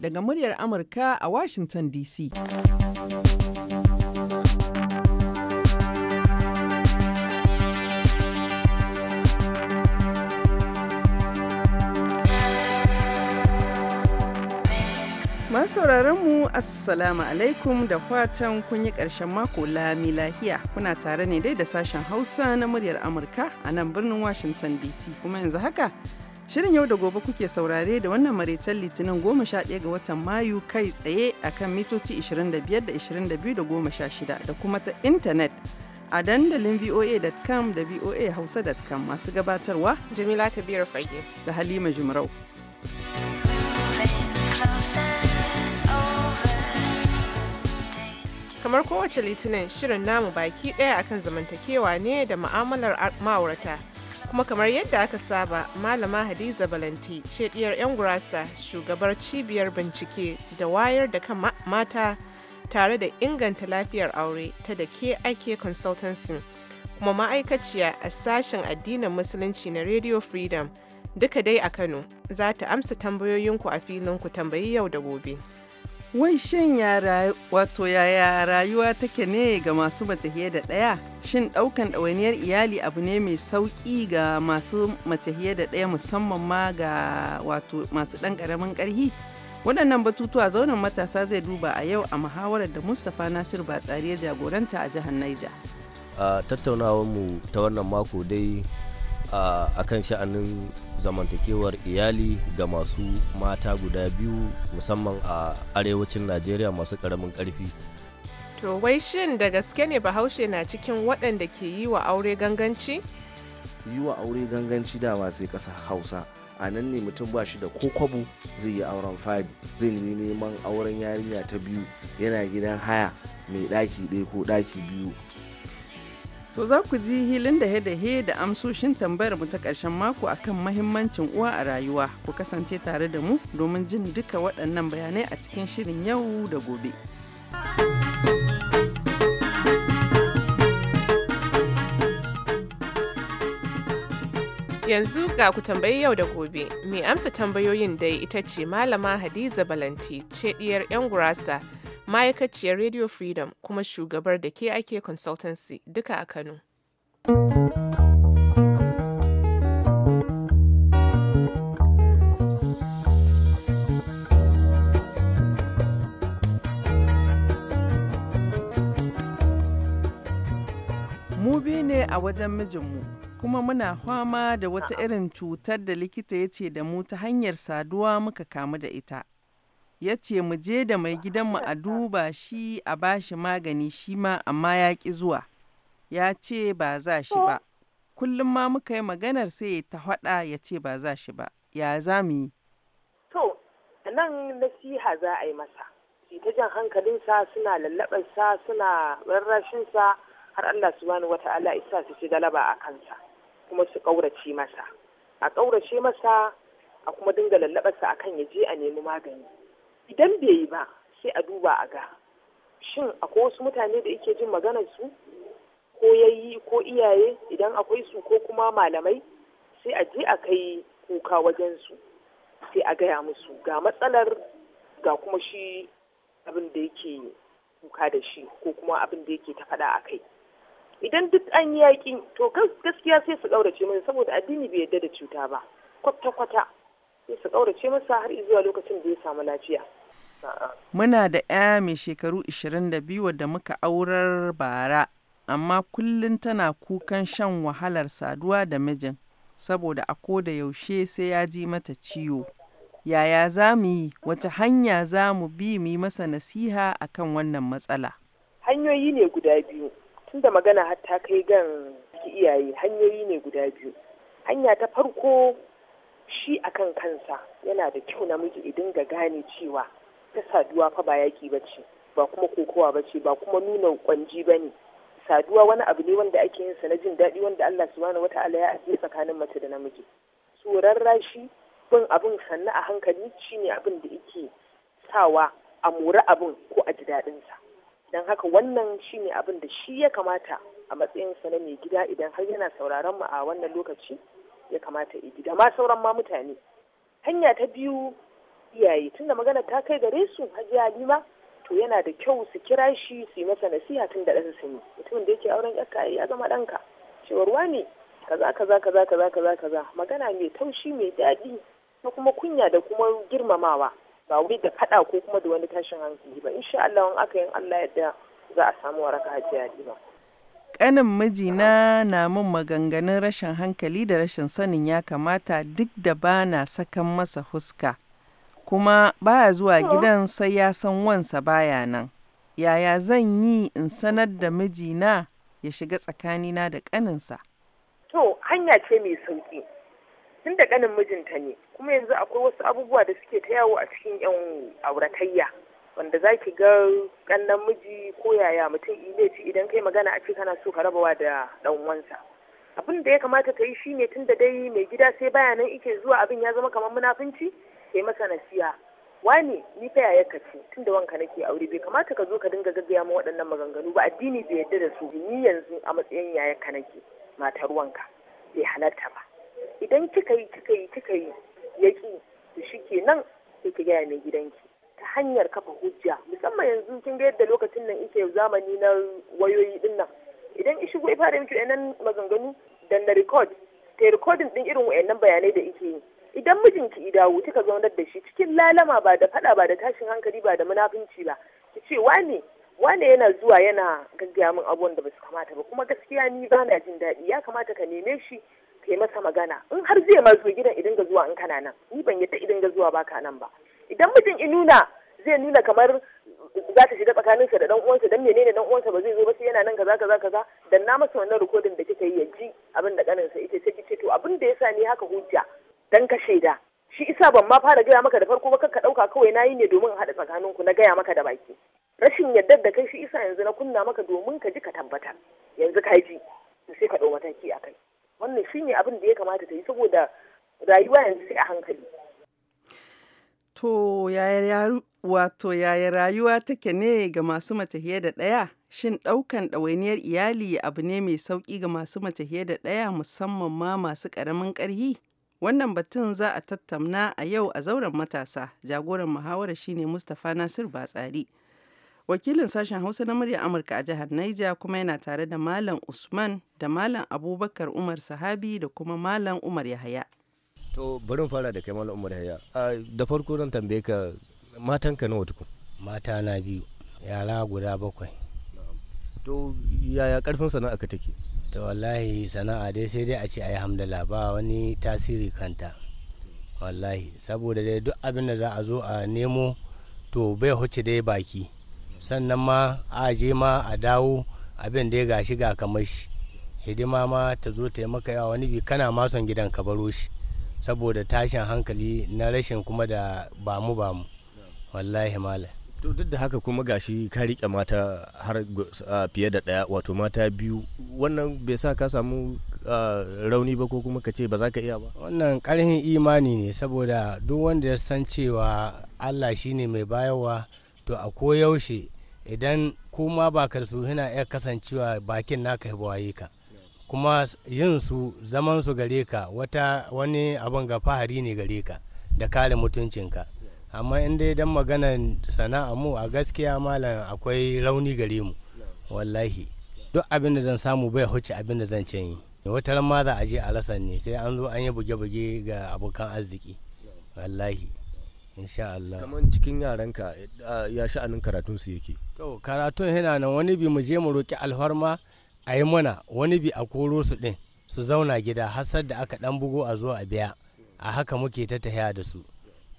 daga muryar Amurka a Washington DC. sauraron mu assalamu alaikum da fatan kun yi ƙarshen mako lami lahiya kuna tare ne dai da sashen hausa na muryar amurka a nan birnin washington dc kuma yanzu haka Shirin yau da gobe kuke saurare da wannan maraicen litinin goma sha ɗaya ga watan Mayu kai tsaye akan mitoci 25 da 22 da goma sha shida da kuma ta intanet a dandalin voa.com da voahausa.com masu gabatarwa Jamila Kabiru Fage da Halima Jumrau. kamar kowace litinin shirin namu baki ɗaya akan zamantakewa ne da ma'amalar ma'aurata kuma kamar yadda aka saba malama hadiza balanti shediyar 'yan gurasa shugabar cibiyar bincike da wayar da kan mata tare da inganta lafiyar aure ta da ake consultancy kuma ma'aikaciya a sashen addinin musulunci na radio freedom duka dai a kano za ta amsa tambayoyinku a filinku tambayi yau da gobe. Wai shin yara wato yaya rayuwa take ne ga masu mace da ɗaya? Shin ɗaukan ɗawainiyar iyali abu ne mai sauƙi ga masu mace da ɗaya musamman ma ga wato masu ɗan ƙaramin ƙarhi? Waɗannan batutuwa zaunan matasa zai duba a yau a muhawarar da Mustapha Nasir Batsari ya jagoranta a jihar Niger. A tattaunawar mu ta wannan mako dai akan sha'anin zamantakewar iyali ga masu mata guda biyu musamman a arewacin najeriya masu karamin karfi to wai shin da gaske ne bahaushe na cikin waɗanda ke yi wa aure ganganci yi wa aure ganganci dama sai ƙasa hausa a nan ne mutum ba shi da ko kwabo zai yi auren Fadi zai nemi neman auren yarinya ta biyu yana gidan haya mai ɗaki ɗaya ko ɗaki biyu To za ku ji hilin da he da amsoshin tambayar mu ta ƙarshen mako akan mahimmancin uwa a rayuwa. Ku kasance tare da mu domin jin duka waɗannan bayanai a cikin shirin yau da gobe. Yanzu ga ku tambayi yau da gobe, mai amsa tambayoyin dai ita ce Malama Hadiza Balanti, ce ɗiyar 'yan gurasa ma'aikaciyar Radio Freedom kuma shugabar da ke ake Consultancy duka a Kano. Mu biyu ne a wajen mijinmu, kuma muna fama da wata irin cutar da likita ya ce da mu ta hanyar saduwa muka kamu da ita. ya ce mu je da mai gidanmu a duba shi a bashi magani shi ma amma ya ki zuwa ya ce ba za shi ba kullum ma muka yi maganar sai ta haɗa ya ce ba za shi ba ya za mu yi to nan nasiha za a yi masa ta jan hankalinsa suna lallabarsa suna rarrashinsa har Allah subhanahu wata'ala isa su ci galaba a kansa kuma su kaurace masa a kaurace masa a kuma dinga lallaɓarsa akan ya je a nemi magani idan bai yi ba sai a duba a ga shin akwai wasu mutane da yake jin maganar su ko yayi ko iyaye idan akwai su ko kuma malamai sai a je a kai kuka wajen su sai a gaya musu ga matsalar ga kuma shi abin da yake kuka da shi ko kuma abin da yake ta faɗa a kai idan duk an yi yaƙi to gaskiya sai su ƙaurace masa saboda addini bai yadda da cuta ba kwata-kwata sai su ƙaurace masa har zuwa lokacin da ya samu lafiya Muna da 'ya mai shekaru 22 da muka aurar bara, amma kullum tana kukan shan wahalar saduwa da mijin, saboda a ko da yaushe sai ya ji mata ciwo. Yaya za mu yi, wace hanya za mu bi mu yi masa nasiha akan wannan matsala? Hanyoyi ne guda biyu, tun da magana hatta kai gan iyaye hanyoyi ne guda biyu. Hanya ta farko shi akan kansa yana da kyau namiji idan ga gane cewa ta saduwa fa ba yaƙi ba ce ba kuma kokowa ba ce ba kuma nuna kwanji ba ne saduwa wani abu ne wanda ake yin sa na jin daɗi wanda Allah subhanahu wata'ala ya ajiye tsakanin mace da namiji tsoron rashi bin abin sannu a hankali shine abin da yake sawa a mori abin ko a ji daɗin sa don haka wannan shine abin da shi ya kamata a matsayin sa na mai gida idan har yana sauraron mu a wannan lokaci ya kamata ya gida ma sauran ma mutane hanya ta biyu iyaye tunda magana ta kai gare su hajiya halima to yana da kyau su kira shi su yi masa nasiha tun da ɗansa yi mutumin da yake auren yarka ya zama ɗanka cewar wane kaza kaza kaza kaza kaza kaza magana mai taushi mai daɗi na kuma kunya da kuma girmamawa ba wai da faɗa ko kuma da wani tashin hankali ba insha Allah in aka yin Allah yadda za a samu waraka hajiya halima ƙanin mijina na min maganganun rashin hankali da rashin sanin ya kamata duk da ba na sakan masa huska kuma baya zuwa gidan sai ya san wansa baya nan. Yaya zan yi in sanar da mijina ya shiga tsakanina da kaninsa To, hanya ce mai sauƙi. Tun da ƙanin mijinta ne, kuma yanzu akwai wasu abubuwa da suke ta yawo a cikin 'yan auratayya. Wanda za ki ga ƙannan miji ko yaya mutum ile ci idan kai magana a ce kana so ka rabawa da ɗan uwansa. Abin da ya kamata ta yi shine tun da dai mai gida sai bayanan nan ike zuwa abin ya zama kamar munafunci. sai masa nasiha wani ni fa yaya ka ce tun da wanka nake aure bai kamata ka zo ka dinga gaggaya mu waɗannan maganganu ba addini bai yarda da su ni yanzu a matsayin yaya ka nake matar wanka bai halarta ba idan kika yi kika yi kika yi yaki to shike nan sai ki gaya mai gidanki ta hanyar kafa hujja musamman yanzu kin ga yadda lokacin nan ike zamani na wayoyi din nan idan ki shigo ya fara miki wayannan maganganu dan na record ta recording din irin wayannan bayanai da ike yi idan mijinki ya dawo kika zaunar da shi cikin lalama ba da fada ba da tashin hankali ba da munafunci ba ki ce wane wane yana zuwa yana gaggaya min abubuwan da basu kamata ba kuma gaskiya ni ba na jin daɗi ya kamata ka neme shi kai masa magana in har zai ma zo gidan idan ga zuwa in kana nan ni ban yadda idan ga zuwa ba ka nan ba idan mijin in nuna zai nuna kamar za ta shiga tsakaninsa da dan uwansa dan menene dan uwansa ba zai zo ba sai yana nan kaza kaza kaza dan na masa wannan rikodin da kika yi ya ji abin da sa ita sai kice to abin da yasa ni haka hujja dan ka shaida shi isa ban ma fara gaya maka da farko ba ka dauka kawai nayi ne domin haɗa tsakanin ku na gaya maka da baki rashin yadda da kai shi isa yanzu na kunna maka domin ka ji ka tabbata yanzu ka ji to sai ka dau mataki a kai wannan shine abin da ya kamata ta yi saboda rayuwa yanzu sai a hankali To yaya wato yaya rayuwa take ne ga masu matahiya da ɗaya? Shin ɗaukan ɗawainiyar iyali abu ne mai sauƙi ga masu matahiya da ɗaya musamman ma masu ƙaramin ƙarhi? Wannan batun za a tattauna a yau a zauren matasa. Jagoran muhawara shine Mustapha Nasir Batsari. Wakilin sashen Hausa na murya Amurka a jihar Niger kuma yana tare da Malam Usman da Malam Abubakar Umar Sahabi da kuma Malam Umar Yahaya. To bari fara da kai Malam Umar Yahaya. Ah, da farko zan tambaye ka matanka nawa tukun? Mata na biyu, yara guda bakwai. To yaya karfin sana'a ka take? to wallahi sana'a dai sai dai a ce a hamdala ba wani tasiri kanta wallahi saboda dai duk abin da za a zo a nemo to bai huce dai baki sannan ma a je ma a dawo abin da ya gashi ga kamar shi hidima ma ta zo ta yi maka yawa wani bi kana ma son gidan ka baro shi saboda tashin hankali na rashin kuma da bamu bamu wallahi malam to duk da haka kuma gashi ka rike mata har fiye da ɗaya wato mata biyu wannan bai sa ka samu rauni ba ko kuma ka ce ba za ka iya ba wannan ƙarfin imani ne saboda duk wanda ya san cewa allah shine mai bayarwa to a koyaushe idan kuma ba ka su yana iya kasancewa bakin naka waye ka kuma yin su zaman su gare ka wani abin ga fahari ne gare ka da kare mutuncinka amma in dai dan maganar sana'a mu a gaskiya malam akwai rauni gare mu wallahi duk abin da zan samu bai huce abin da zan can yi wata ran ma za a je a rasa ne sai an zo an yi buge-buge ga abokan arziki wallahi insha Allah kaman cikin yaranka ya sha'anin karatun su yake to karatun yana nan wani bi mu je mu roki alfarma a yi mana wani bi a koro su din su zauna gida hasar da aka dan bugo a zo a biya a haka muke ta da su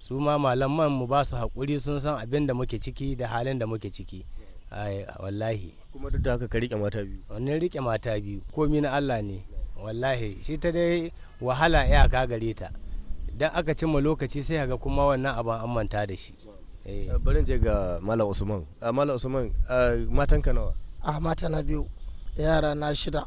su ma malaman mu ba su haƙuri sun san abin da muke ciki da halin da muke ciki wallahi kuma duk da haka ka rike mata biyu wannan rike mata biyu komi na Allah ne wallahi shi ta dai wahala iyaka gare ta dan aka cimma lokaci sai ga kuma wannan abin an manta da shi eh. Eh, barin je ga malam usman ah, malam usman ah, matan ka nawa ah mata na biyu yara na shida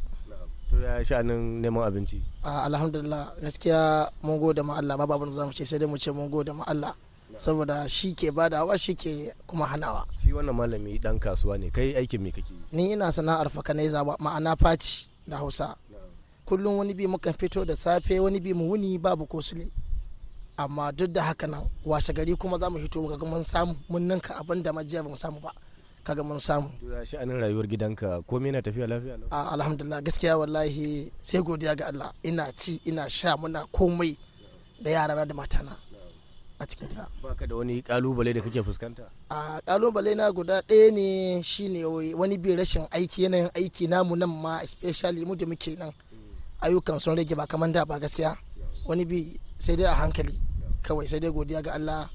to ya sha'anin neman abinci alhamdulillah gaskiya mun gode ma Allah babu abin da zamu ce sai dai mu ce mun gode ma Allah saboda shi ke badawa shi ke kuma hanawa shi wannan malami dan kasuwa ne kai aikin me kake ni ina sana'ar fakanaiza ma'ana faci da Hausa kullum wani bi mukan fito da safe wani bi mu wuni babu kosule amma duk da haka nan washe gari kuma zamu hito ga mun samu mun ninka abin da majiya ba mu samu ba kaga mun samu sha'anin rayuwar gidanka komai na tafiya lafiya a alhamdulillah gaskiya wallahi sai godiya ga Allah ina ci ina sha muna komai da yara da matana a cikin gida baka da wani kalubale da kake fuskanta a kalubale na guda ɗaya ne shine wani bi rashin aiki yanayin aiki namu nan ma especially mu da muke nan ayyukan sun rage ba kamar da ba gaskiya wani bi sai dai a hankali kawai sai dai godiya ga Allah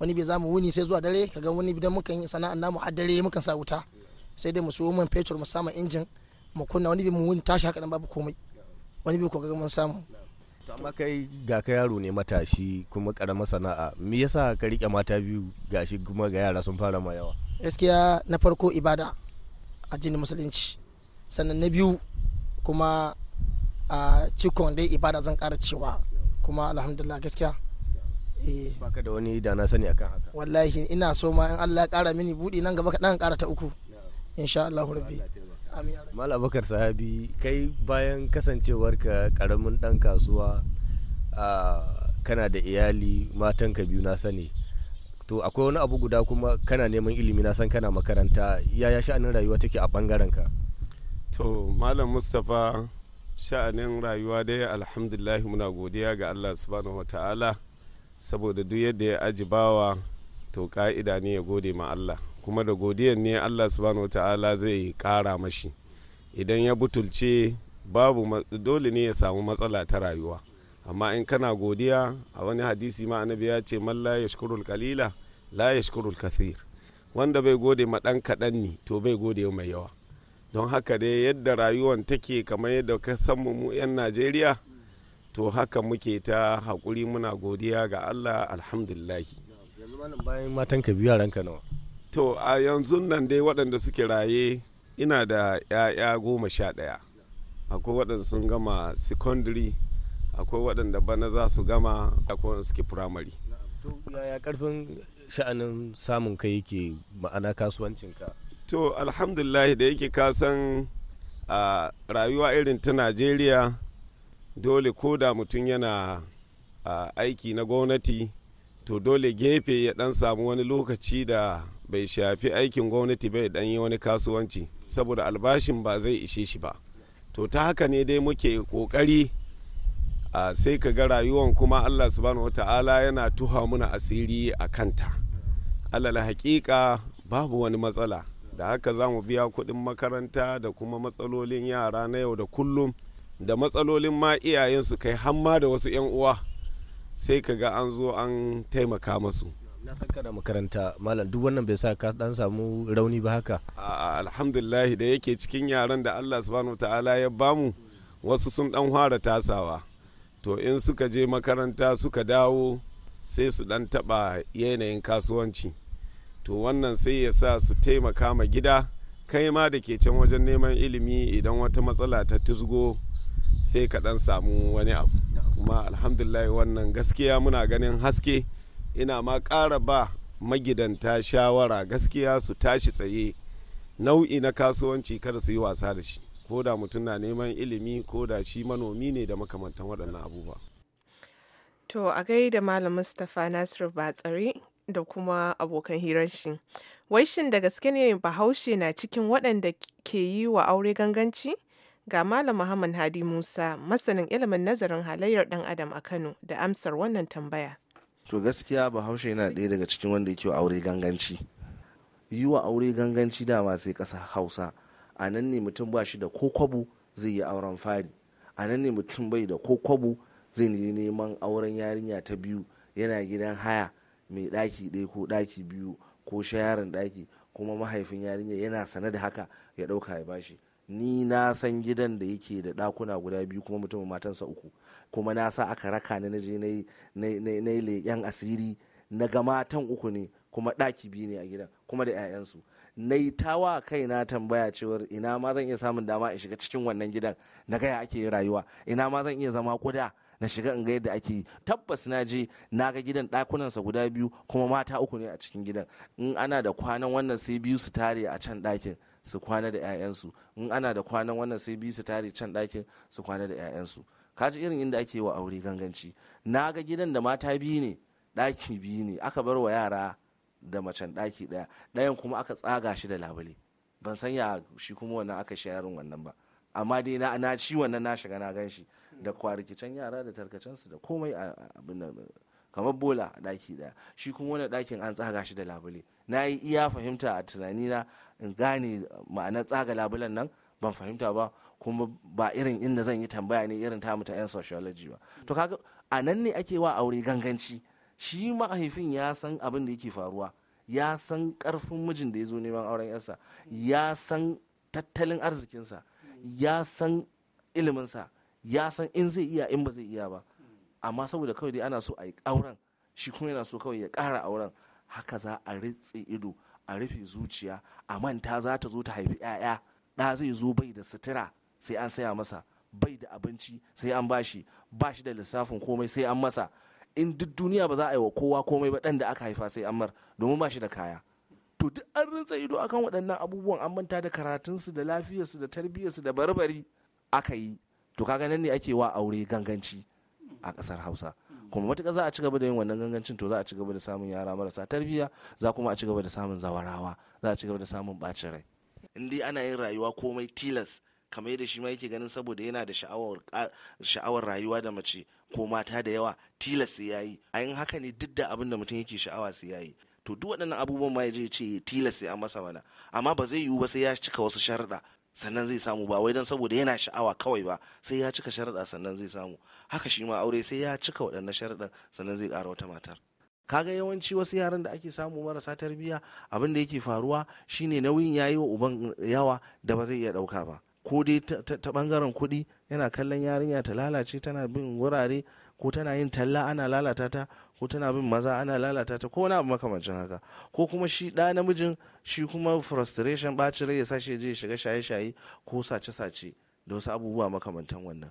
wani bai zamu wuni sai zuwa dare kaga wani bidan mukan yi sana'an namu har dare mukan sa wuta sai dai mu siyo man fetur mu samu injin mu kunna wani bi mu wuni tashi haka babu komai wani bi ko kaga mun samu to amma kai ga ka yaro ne matashi kuma karamar sana'a me yasa ka rike mata biyu gashi kuma ga yara sun fara ma yawa gaskiya na farko ibada addinin musulunci sannan na biyu kuma a ah, cikon dai ibada zan kara cewa kuma alhamdulillah gaskiya Eh. baka da wani da na sani akan haka wallahi ina so ma in Allah ya kara mini budi nan gaba kaɗan kara ta uku insha Allah rabbi mal abakar sahabi kai bayan kasancewar ka karamin dan kasuwa kana da iyali matanka biyu na sani to akwai wani abu guda kuma kana neman ilimi na san kana makaranta yaya sha'anin rayuwa take a bangaren ka to malam mustapha sha'anin rayuwa dai alhamdulillah muna godiya ga allah subhanahu wa ta'ala saboda duk yadda ya aji bawa to ka'ida ne ya gode ma Allah kuma da godiyan ne Allah subhanahu wata'ala zai kara mashi idan ya butulce babu dole ne ya samu matsala ta rayuwa amma in kana godiya a wani hadisi ma annabi ya ce man la yashkurul qalila la yashkurul kathir wanda bai gode ma dan kadan ne to bai gode mai yawa don haka dai yadda rayuwan take kamar yadda ka san mu yan Najeriya to haka muke ta haƙuri muna godiya ga allah alhamdulillahi yanzu malam bayan matan ka biyu yaranka nawa to a yanzu nan dai waɗanda suke raye ina da 'ya'ya goma sha ɗaya akwai waɗanda sun gama secondary akwai waɗanda bana za su gama akwai waɗanda suke primary to yaya karfin sha'anin samun kai yake ma'ana kasuwancinka to alhamdulillah da yake kasan a rayuwa irin ta najeriya dole ko da mutum yana aiki na gwamnati to dole gefe ya dan samu wani lokaci da bai shafi aikin gwamnati bai dan yi wani kasuwanci saboda albashin ba zai ishe shi ba to ta haka ne dai muke kokari a sai ka ga rayuwan kuma allah subhanahu ta'ala yana tuha muna asiri a kanta alal hakika babu wani matsala da haka za mu biya kuɗin makaranta da kuma matsalolin yara na yau da kullum da matsalolin ma iyayensu kai hamma da wasu 'yan uwa sai ka ga an zo an taimaka masu na san kana makaranta malam duk wannan bai sa ka dan samu rauni ba haka alhamdulillah da yake cikin yaran da Allah subhanahu ta'ala ya bamu wasu sun dan fara tasawa to in suka je makaranta suka dawo sai su dan taba yanayin kasuwanci to wannan sai ya sa su taimaka ma gida kai ma da ke can wajen neman ilimi idan wata matsala ta tusgo sai ka dan samu wani abu kuma alhamdulillah wannan gaskiya muna ganin haske ina ma ƙara ba magidanta shawara gaskiya su tashi tsaye nau'i na kasuwanci kada su yi wasa da shi ko da mutum na neman ilimi ko da shi manomi ne da makamantan waɗannan abubuwa to a gaida malam mustapha nasiru batsari da kuma abokan hirar shi wai shin da gaske ne bahaushe na cikin waɗanda ke yi wa aure ganganci Ga Malam Muhammad Hadi Musa, masanin ilimin nazarin halayyar dan Adam a Kano da amsar wannan tambaya. To gaskiya Bahaushe yana ɗaya daga cikin wanda yake aure ganganci. Yi wa aure ganganci dama sai ƙasa Hausa. A nan ne mutum ba shi da ko kwabo zai yi auren fari. A nan ne mutum bai da ko kwabo zai yi neman auren yarinya ta biyu yana gidan haya mai ɗaki ɗaya ko ɗaki biyu ko shayarin ɗaki kuma mahaifin yarinya yana sane da haka ya ɗauka ya bashi ni na san gidan da yake da ɗakuna guda biyu kuma mutumin matansa uku kuma na sa aka raka ni na je na yi leƙen asiri na ga matan uku ne kuma ɗaki biyu ne a gidan kuma da 'ya'yansu na yi tawa na tambaya cewar ina ma zan iya samun dama in shiga cikin wannan gidan na gaya ake rayuwa ina ma zan iya zama kuda na shiga in ga yadda ake yi tabbas na je na ga gidan ɗakunansa guda biyu kuma mata uku ne a cikin gidan in ana da kwanan wannan sai biyu su tare a can ɗakin su kwana da 'ya'yansu in ana da kwanan wannan sai biyu su tare can dakin su kwana da 'ya'yansu kaji irin inda ake wa aure ganganci na ga gidan da mata biyu ne ɗaki biyu ne aka bar wa yara da macen daki ɗaya ɗayan kuma aka tsaga shi da labule ban san ya shi kuma wannan aka shayarin wannan ba amma dai na ci wannan na shiga na gan shi da kwarikicen yara da tarkacensu da komai a abin kamar bola a daki ɗaya shi kuma wani dakin an tsaga shi da labule na yi iya fahimta a tunanina in gane ma'anar tsaga labulen nan ban fahimta ba kuma ba irin inda zan yi tambaya ne irin ta ta 'yan sociology ba to kaga a nan ne ake wa aure ganganci shi mahaifin ya san abin da yake faruwa ya san karfin mijin da ya zo neman auren yarsa ya san tattalin arzikinsa ya san iliminsa ya san in zai iya in ba zai iya ba amma saboda kawai dai ana so a yi auren shi kuma yana so kawai ya ƙara auren haka za a ritse ido a rufe zuciya a manta za ta zo ta haifi 'ya'ya ɗa zai zo bai da sutura sai an saya masa bai da abinci sai an bashi bashi da lissafin komai sai an masa in duk duniya ba za a yi wa kowa komai ba ɗan da aka haifa sai an mar domin bashi da kaya to duk an rinsa ido akan waɗannan abubuwan an manta da karatunsu da lafiyarsu da tarbiyyarsu da barbari aka yi to kaga nan ne ake wa aure ganganci a kasar hausa kuma matuƙa za a ci gaba da yin wannan gangancin to za a ci gaba da samun yara marasa tarbiyya za kuma a ci gaba da samun zawarawa za a ci gaba da samun bacin rai in dai ana yin rayuwa komai tilas kamar yadda shi ma yake ganin saboda yana da sha'awar rayuwa da mace ko mata da yawa tilas sai yayi a yin haka ne duk da abin da mutum yake sha'awa sai yayi to duk waɗannan abubuwan ma ya je ce tilas sai an masa mana amma ba zai yiwu ba sai ya cika wasu sharuɗa sannan zai samu ba wai don saboda yana sha'awa kawai ba sai ya cika sharaɗa sannan zai samu haka shi ma aure sai ya cika waɗannan sharaɗan sannan zai ƙara wata matar kaga yawanci wasu yaran da ake samu marasa tarbiyya abin da yake faruwa shine nauyin yayi wa uban yawa da ba zai iya ɗauka ba ko dai ta ɓangaren kuɗi yana kallon yarinya ta lalace tana bin wurare ko tana yin talla ana lalata ta ko tana bin maza ana lalata ta ko wani abu makamancin haka ko kuma shi ɗa namijin shi kuma frustration ɓacin rai ya sashi je shiga shaye-shaye ko sace-sace da wasu abubuwa makamantan wannan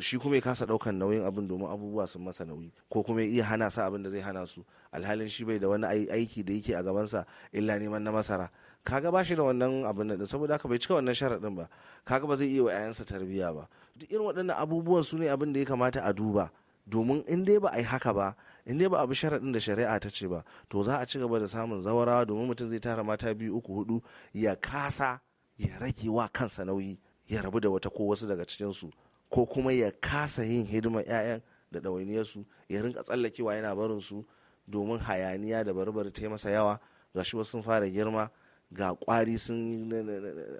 shi kuma ya kasa ɗaukan nauyin abin domin abubuwa sun masa nauyi ko kuma ya iya hana sa abin da zai hana su alhalin shi bai da wani aiki da yake a gabansa illa neman na masara kaga ba shi da wannan abin da saboda haka bai cika wannan sharaɗin ba kaga ba zai iya wa 'ya'yansa tarbiyya ba duk irin waɗannan abubuwan su ne abin da ya kamata a duba domin in dai ba a yi haka ba in dai ba a bi sharaɗin da shari'a ta ce ba to za a ci gaba da samun zawarawa domin mutum zai tara mata biyu uku hudu ya kasa ya rage wa kansa nauyi ya rabu da wata ko wasu daga cikinsu ko kuma ya kasa yin hidimar 'ya'yan da ɗawainiyarsu ya rinka tsallakewa yana barin su domin hayaniya da barbar ta masa yawa ga shi wasu sun fara girma ga kwari sun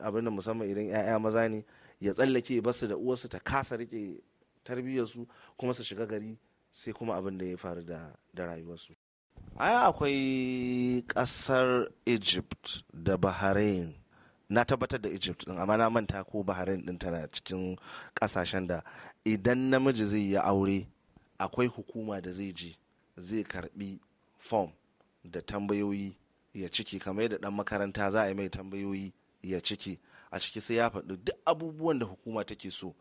abin da musamman idan 'ya'ya maza ne ya tsallake basu da uwarsu ta kasa rike tarbiyyarsu kuma su shiga gari sai kuma abin da ya faru da rayuwarsu ai akwai kasar egypt da bahrain na tabbatar da egypt din amma na manta ko bahrain din tana cikin kasashen da idan namiji zai yi aure akwai hukuma da zai ji zai karbi form da tambayoyi ya ciki kamar yadda dan makaranta za a yi mai tambayoyi ya ciki a ciki sai ya faɗi duk abubuwan da hukuma take so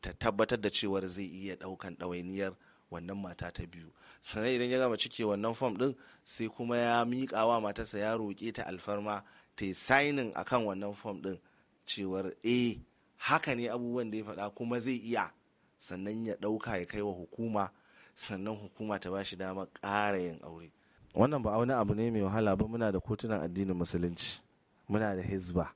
ta tabbatar da cewar zai iya ɗaukan ɗawainiyar wannan mata ta biyu sannan idan ya gama cike wannan fom ɗin sai kuma ya miƙa wa matarsa ya roƙe ta alfarma ta yi sainin akan wannan fom ɗin cewar eh haka ne abubuwan da ya faɗa kuma zai iya sannan ya ɗauka ya kai wa hukuma sannan hukuma ta ba shi dama ƙara yin aure wannan ba wani abu ne mai wahala ba muna da kotunan addinin musulunci muna da hizba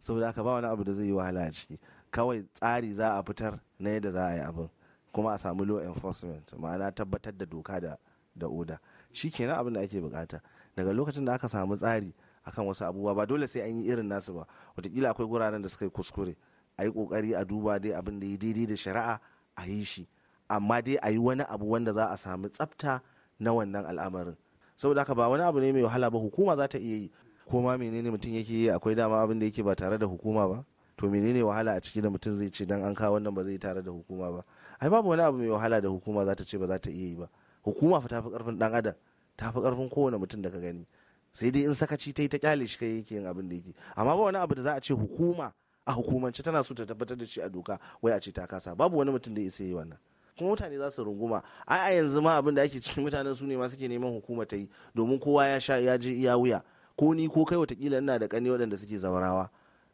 saboda aka ba wani abu da zai yi wahala a ciki kawai tsari za a fitar na yadda za a yi abin kuma a samu law enforcement ma'ana tabbatar da doka da da oda kenan abin da ake bukata daga lokacin da aka samu tsari akan wasu abubuwa ba dole sai an yi irin nasu ba watakila akwai guraren da suka yi kuskure a yi kokari a duba dai abin da ya daidai da shari'a a yi shi amma dai a yi wani abu wanda za a samu tsafta na wannan al'amarin saboda haka ba wani abu ne mai wahala ba hukuma za ta iya yi Koma ma menene mutum yake yi akwai dama abin da yake ba tare da hukuma ba to menene wahala a ciki da mutum zai ce dan an kawo wannan ba zai tare da hukuma ba ai babu wani abu mai wahala da hukuma za ta ce ba za ta iya yi ba hukuma fa tafi karfin dan adam tafi karfin kowane mutum da ka gani sai dai in sakaci ta yi ta kyale shi kai yake yin abin da yake amma ba wani abu da za a ce hukuma a hukumance tana so ta tabbatar da shi a doka wai a ce ta kasa babu wani mutum da isa yi wannan kuma mutane za su runguma ai a yanzu ma abin da ake cikin mutanen su ne ma suke neman hukuma ta yi domin kowa ya sha ya je iya wuya ko ni ko kai watakila ina da kani waɗanda suke zawarawa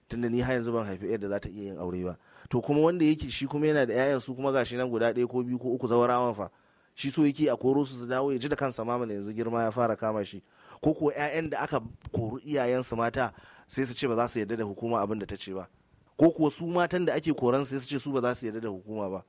tunda ni har yanzu ban haifi yadda za ta iya yin aure ba to kuma wanda yake shi kuma yana da 'ya'yan su kuma gashi nan guda ɗaya ko biyu ko uku zawarawan fa shi so yake a koro su su dawo ya ji da kansa ma yanzu girma ya fara kama shi ko ko 'ya'yan da aka kori iyayensu mata sai su ce ba za su yarda da hukuma abin da ta ce ba ko kuwa su matan da ake koran sai su ce su ba za su yarda da hukuma ba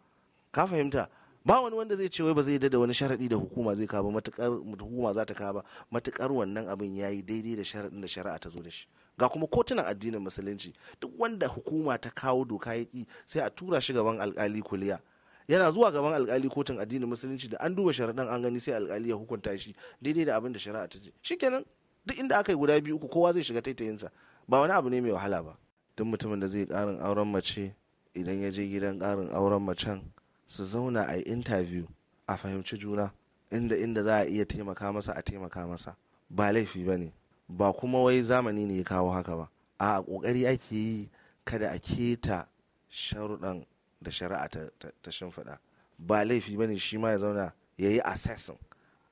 ka fahimta ba wani wanda zai ce wai ba zai da wani sharadi da hukuma zai kaba matukar hukuma za ta kaba matukar wannan abin yayi daidai da sharadin da shari'a ta zo da shi ga kuma kotunan addinin musulunci duk wanda hukuma ta kawo doka yaki sai a tura shi gaban alkali kuliya yana zuwa gaban alkali kotun addinin musulunci da an duba sharadin an gani sai alkali ya hukunta shi daidai da abin da shari'a ta ce shikenan duk inda aka yi guda biyu uku kowa zai shiga taitayin sa ba wani abu ne mai wahala ba duk mutumin da zai karin auren mace idan ya je gidan karin auren macen su zauna a yi interview a fahimci juna inda inda za a iya taimaka masa a taimaka masa ba laifi ba ne ba kuma wai zamani ne ya kawo haka ba a ƙoƙari ake yi kada a keta sharuɗan da shari'a ta shimfiɗa ba laifi ba ne shi ma ya zauna ya yi assessing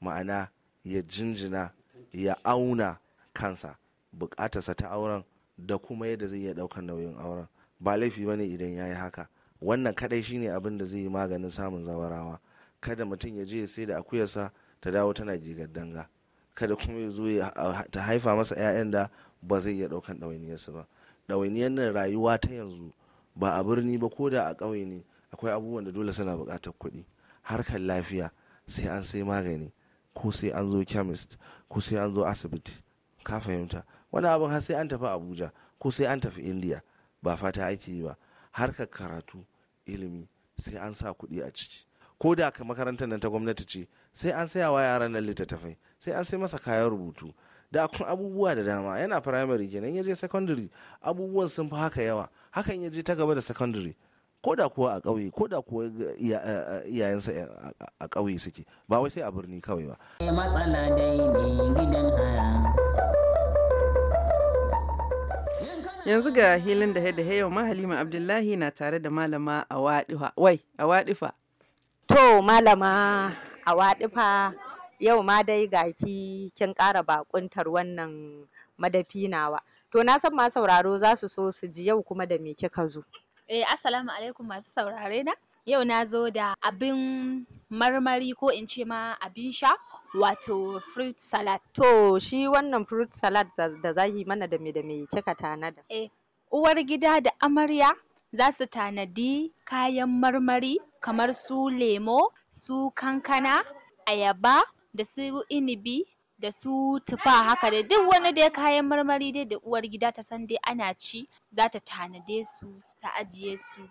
ma'ana ya jinjina ya auna kansa buƙatarsa ta auren da kuma yadda zai iya ɗaukar nauyin auren ba laifi ba ne idan ya yi haka wannan kadai shine abin da zai yi maganin samun zawarawa kada mutum ya je sai da akuyarsa ta dawo tana jigar danga kada kuma ya zo ta haifa masa 'ya'yan da ba zai iya ɗaukan ɗawainiyarsa ba ɗawainiyar nan rayuwa ta yanzu ba a birni ba ko da a ƙauye ne akwai abubuwan da dole suna buƙatar kuɗi harkar lafiya sai an sai magani ko sai an zo chemist ko sai an zo asibiti ka fahimta wani abin har sai an tafi abuja ko sai an tafi indiya ba fata ake yi ba harkar karatu ilimi sai an sa kuɗi a ciki ko da ka makarantar nan ta gwamnati ce sai an saya wa yaran nan littattafai sai an sai masa kayan rubutu da kun abubuwa da dama yana firamare kenan ya je secondary abubuwan sun fi haka yawa hakan ya je ta gaba da secondary ko da kuwa a ƙauye ko da kuwa eh, iyayensa eh, a ƙauye suke ba wai sai a birni kawai ba matsala dai ne gidan haya Yanzu ga hilin da da yau ma Halima Abdullahi na tare da malama a waɗifa. Wai, a waɗifa. To malama a waɗifa yau ma dai ga ki kin ƙara bakuntar wannan madafi nawa. To na san ma sauraro za su so su ji yau kuma da me kika zo. Eh assalamu alaikum masu saurare na. Yau na zo da abin marmari ko in ce ma abin sha wato fruit salad. To shi wannan fruit salad da za yi mana da me da me kika tanada? Eh, uwar gida da amarya za su tanadi kayan marmari kamar su lemo, su kankana, ayaba, da su inibi, da su tufa haka dai duk wani dai kayan marmari dai da uwar gida ta san dai ana ci za ta tanade su ta ajiye su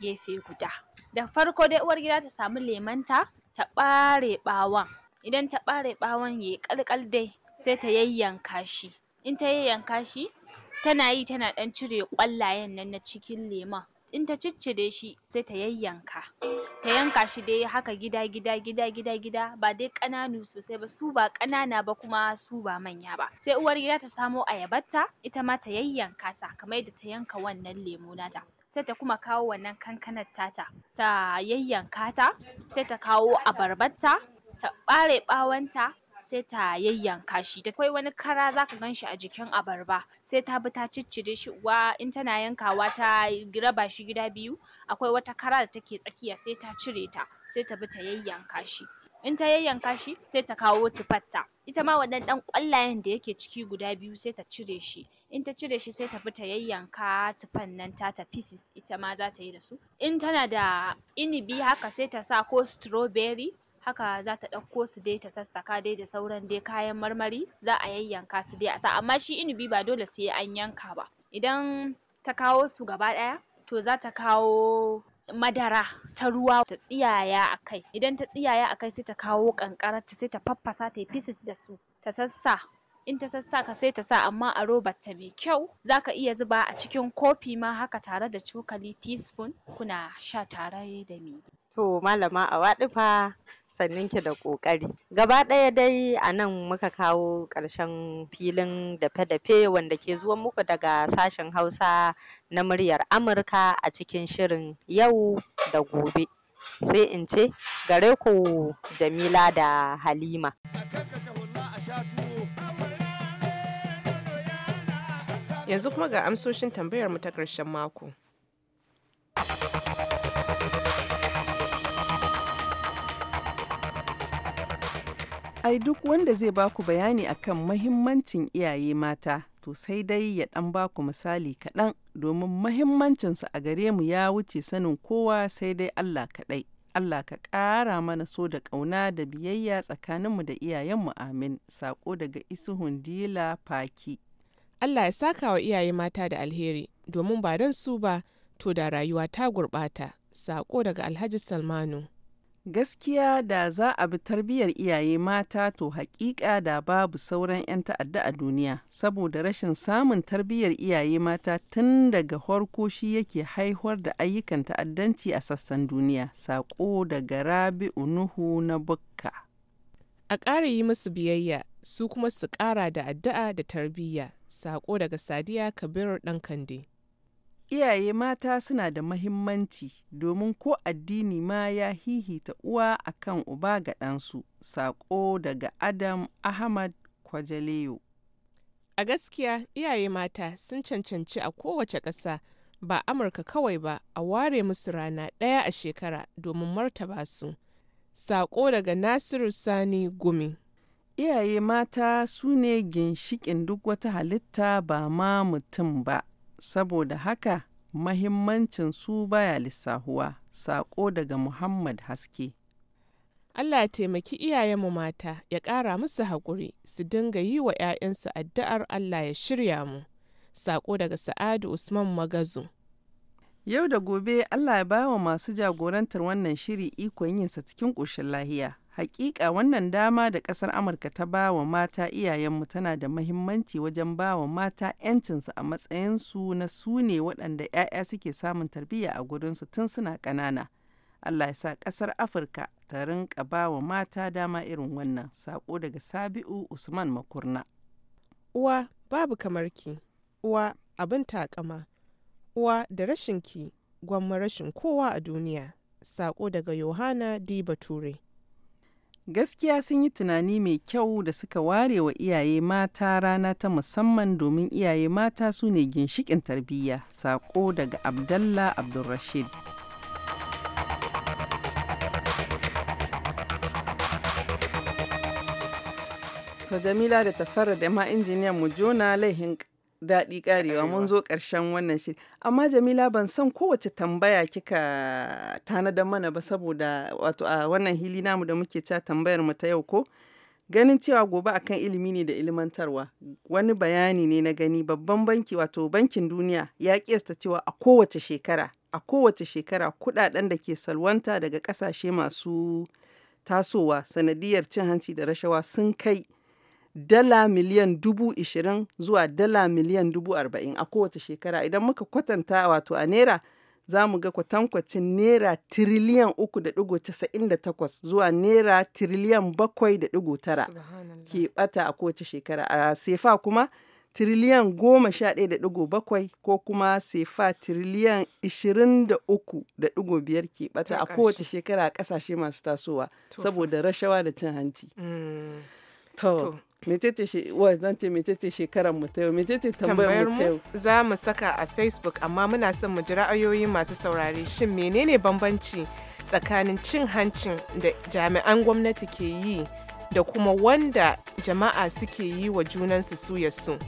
gefe guda. Da farko dai uwar gida ta samu lemonta ta ɓare ɓawon. idan ta ɓare ɓawon yayi ƙalƙal dai sai ta yayyanka shi in ta yayyanka shi tana yi tana ɗan cire ƙwallayen nan na cikin lemon in ta ciccire shi sai ta yayyanka ta yanka shi dai haka gida gida gida gida gida ba dai ƙananu sosai ba su ba ƙanana ba kuma su ba manya ba sai uwargida ta samo ayabarta ita ma ta yayyanka ta kamar yadda ta yanka wannan lemo nata sai ta kuma kawo wannan kankanar tata ta yayyanka ta sai ta kawo abarbarta ta ɓare ɓawonta sai ta yayyanka shi akwai wani kara zaka shi a jikin abarba sai ta bi ta ciccire shi uwa in tana yankawa ta raba shi gida biyu akwai wata kara da take tsakiya sai ta cire ta sai ta bi ta yayyanka shi in ta yayyanka shi sai ta kawo tufarta itama wannan ɗan ƙwallayen da yake ciki guda biyu sai ta cire shi in ta cire shi sai ta bi ta yayyanka tufan nan ta ta pieces itama zata yi da su in tana da inibi haka sai ta sa ko strawberry haka zata ɗauko su dai ta sassaka dai da sauran dai kayan marmari za za'a yayyanka su dai a sa amma shi inibi ba dole sai an yanka ba idan ta kawo su gaba ɗaya to zata kawo madara ta ruwa ta tsiyaya a kai idan ta tsiyaya a kai sai ta kawo ƙanƙararta sai ta faffasa yi pieces da su ta sassa in ta sassaka sai ta sa amma a robarta mai kyau zaka iya zuba a cikin kofi ma haka tare da cokali teaspoon kuna sha tare da to malama Auwaɗu sannin ki da ƙoƙari. Gaba ɗaya dai a nan muka kawo ƙarshen filin dafe-dafe wanda ke zuwa muku daga sashen Hausa na muryar Amurka a cikin shirin yau da gobe. Sai in ce gare ku Jamila da Halima. Yanzu kuma ga amsoshin tambayar mu ta ƙarshen mako. ai duk wanda zai baku bayani akan mahimmancin iyaye mata to sai dai ya dan baku misali kaɗan domin mahimmancinsu a gare mu ya wuce sanin kowa sai dai Allah kaɗai. Allah ka ƙara mana so da ƙauna da biyayya tsakaninmu da iyayenmu amin sako daga isuhun dila faki. Allah ya saka wa iyaye mata da alheri domin ba don su ba to da rayuwa ta gurɓata sako daga alhaji salmanu. Gaskiya da za a bi tarbiyyar iyaye mata to hakika da babu sauran 'yan ta'adda a duniya, saboda rashin samun tarbiyyar iyaye mata tun daga farko shi yake haihuwar da ayyukan ta'addanci a sassan duniya, sako daga Rabi'u Nuhu na Bukka. A ƙara yi musu biyayya, su kuma su ƙara da addu'a da tarbiyya, sako daga Sadiya Kabiru kande Iyaye mata suna da mahimmanci domin ko addini ma ya hihita uwa a kan uba ga ɗansu. saƙo daga Adam Ahmad Kwajaleyo. A gaskiya iyaye mata sun cancanci a kowace ƙasa ba Amurka kawai ba a ware musu rana ɗaya a shekara domin martaba su. saƙo daga Nasiru Sani Gumi. Iyaye mata su ne ginshiƙin duk wata halitta ba ma mutum ba. saboda haka mahimmancin su baya lissahuwa saƙo daga Muhammad Haske. Allah ya taimaki iyayenmu mata ya ƙara musu haƙuri su dinga yi wa 'ya'yansu addu'ar Allah ya shirya mu. Saƙo daga Sa'adu Usman Magazu. Yau da gobe Allah ya bawa masu jagorantar wannan shiri ikon yinsa cikin ƙoshin lahiya. Hakika wannan dama da kasar Amurka ta ba wa mata iyayenmu tana da mahimmanci wajen ba wa mata 'yancinsu a matsayinsu na su ne waɗanda 'ya'ya suke samun tarbiyya a gurinsu tun suna ƙanana. Allah ya sa ƙasar Afirka ta rinka ba wa mata dama irin wannan. Sako daga Sabi'u Usman Makurna. Uwa babu kamar ki, uwa abin takama, uwa da rashin ki, gwamma rashin kowa a duniya. saƙo daga Yohana dibature. Bature. Gaskiya sun yi tunani mai kyau da suka ware wa iyaye mata rana ta musamman domin iyaye mata su ne ginshikin tarbiyya. Sako daga abdalla Abdulrashid. To Jamila da tafara da ma injiniyan mu Jona laihin daɗi karewa mun zo karshen wannan shi amma jamila ban san kowace tambaya kika tanadar mana ba saboda wato a wannan hili namu da muke ca tambayar mu ta yau ko ganin cewa gobe akan ilimi ne da ilimantarwa wani bayani ne na gani babban banki wato bankin duniya ya kiyasta cewa a kowace shekara a kowace shekara kuɗaɗen da ke salwanta daga ƙasashe masu tasowa sanadiyar cin hanci da rashawa sun kai dala miliyan dubu ishirin zuwa dala miliyan dubu arba'in a kowace shekara idan muka kwatanta wato a naira za mu ga kwatankwacin naira tiriliyan uku da digo casa'in da takwas zuwa naira tiriliyan bakwai da digo tara ke bata a kowace shekara a sefa kuma tiriliyan goma sha ɗaya da dugo bakwai ko kuma sefa tiriliyan ishirin da uku da dugo biyar ke bata a kowace shekara a ƙasashe masu tasowa saboda rashawa da cin hanci. Mm. To, metete shi wa zan metete shekaran mu ta metete tambayar mu ta za mu saka a facebook amma muna son mu ji ra'ayoyin masu saurare shin menene bambanci tsakanin cin hancin da jami'an gwamnati ke yi da kuma wanda jama'a suke yi wa junansu su ya su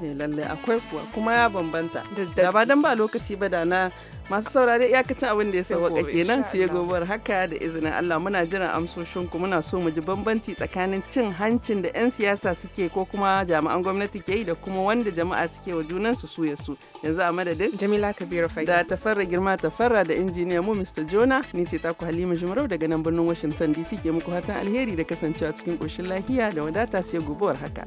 ne lalle akwai kuwa kuma ya bambanta da ba dan ba lokaci ba da na masu saurare iyakacin abin da ya sauwaka kenan su ya gobar haka da izinin Allah muna jiran amsoshin ku muna so mu ji bambanci tsakanin cin hancin da 'yan siyasa suke ko kuma jami'an gwamnati ke yi da kuma wanda jama'a suke wa junan su su su yanzu a madadin Jamila Kabiru Fai da tafarra girma tafarra da injiniya mu Mr. Jona ni ce taku Halima Jumarau daga nan birnin Washington DC ke muku fatan alheri da kasancewa cikin koshin lafiya da wadata sai gobar haka.